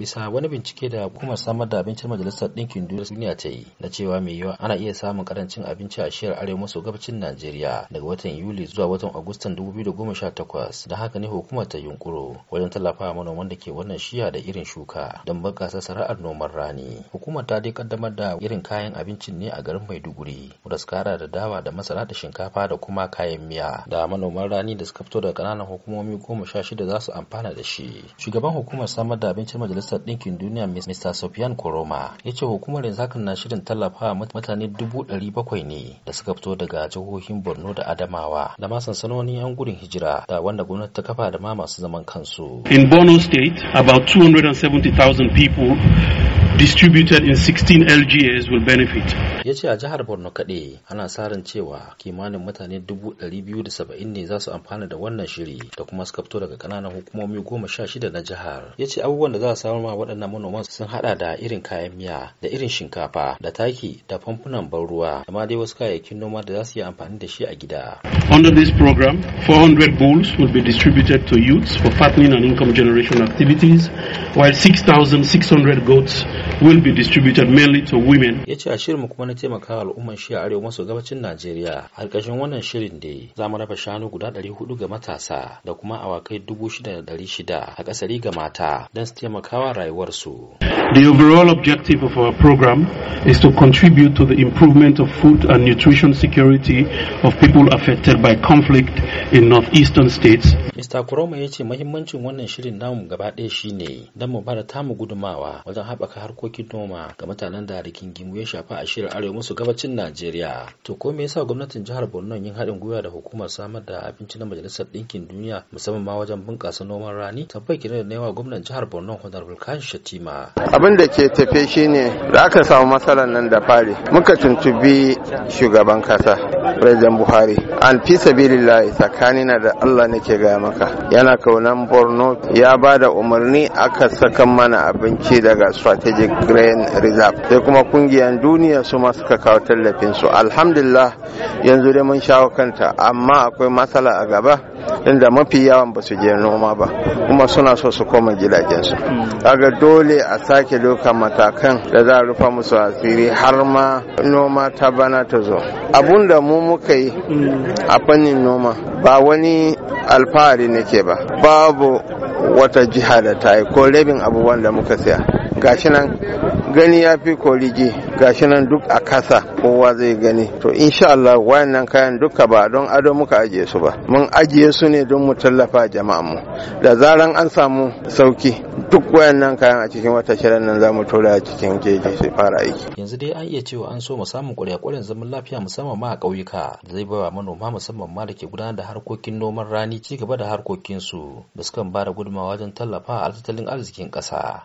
bisa wani bincike da hukumar samar da abincin majalisar ɗinkin duniya ta yi na cewa mai yawa ana iya samun karancin abinci a shiyar arewa maso gabacin najeriya daga watan yuli zuwa watan agustan 2018 da haka ne hukumar ta yunkuro wajen tallafawa manoman da ke wannan shiya da irin shuka don bunƙasa sana'ar noman rani hukumar ta dai kaddamar da irin kayan abincin ne a garin maiduguri da kara da dawa da masara da shinkafa da kuma kayan miya da manoman rani da suka fito daga ƙananan hukumomi goma sha shida za su amfana da shi shugaban hukumar samar da abincin majalisar majalisar ɗinkin duniya Mr. Sofyan Koroma ya ce hukumar yanzu hakan na shirin tallafa mutane dubu ɗari bakwai ne da suka fito daga jihohin Borno da Adamawa da ma sansanonin 'yan gudun hijira da wanda gwamnati ta kafa da ma masu zaman kansu. In Borno State, about 270,000 people distributed in 16 LGAs will benefit. Ya ce a jihar Borno kaɗai ana tsarin cewa kimanin mutane 270 ne za su amfana da wannan shiri da kuma suka fito daga kananan hukumomi goma sha shida na jihar. Ya ce abubuwan da za a samar ma waɗannan manoman sun haɗa da irin kayan miya da irin shinkafa da taki da famfunan ban ruwa da ma dai wasu kayayyakin noma da za su yi amfani da shi a gida. Under this program, 400 bulls will be distributed to youths for fattening and income generation activities, while 6,600 goats will be distributed mainly to women. Ya ce a shirinmu kuma na taimaka al'umman shi a arewa maso gabacin Najeriya. A ƙarshen wannan shirin da za mu raba shanu guda ɗari hudu ga matasa da kuma awakai dubu shida da ɗari shida a ƙasari ga mata don su taimakawa rayuwarsu. The overall objective of our program is to contribute to the improvement of food and nutrition security of people affected by conflict in northeastern states. Mr. Kuroma ya ce mahimmancin wannan shirin namu gaba ɗaya shine don mu bada tamu gudumawa wajen haɓaka harkokin noma ga mutanen da gimu ya shafa a shirin arewa musu gabacin Najeriya. To ko me yasa gwamnatin jihar Borno yin haɗin gwiwa da hukumar samar da abinci na Majalisar Ɗinkin Duniya musamman ma wajen bunƙasa noman rani? Tabbai kiran da yawa gwamnan jihar Borno Honorable Bulkan Shatima. Abin da ke tafe shine da aka samu matsalar nan da fari muka tuntubi shugaban kasa President Buhari an fi sabilillahi tsakanina da Allah nake gaya maka yana kaunan Borno ya ba da umarni aka saka mana abinci daga strategic grain reserve sai kuma kungiyar duniya su ma suka kawo tallafin su alhamdulillah yanzu dai mun shawo kanta amma akwai matsala a gaba inda mafi yawan ba su je noma ba kuma suna so su koma su. kaga dole a sake dokar matakan da za a rufa musu asiri har ma noma ta bana ta zo abun da mu muka yi a fannin noma ba wani alfahari nake ba babu wata jiha da ta yi ko rabin abubuwan da muka siya gashi nan gani ya fi korige gashi nan duk a kasa kowa zai gani to insha Allah wayannan kayan duka ba don ado muka ajiye su ba mun ajiye su ne don mu tallafa jama'a mu da zaran an samu sauki duk wayannan kayan a cikin wata shirin nan zamu tura cikin jeji sai fara aiki yanzu dai an iya cewa an so mu samu ƙwarya-ƙwaryan zaman lafiya musamman ma a ƙauyuka zai ba manoma musamman ma da ke gudanar da harkokin noman rani ci gaba da harkokinsu da sukan ba da gudunmawa wajen tallafa a tattalin arzikin ƙasa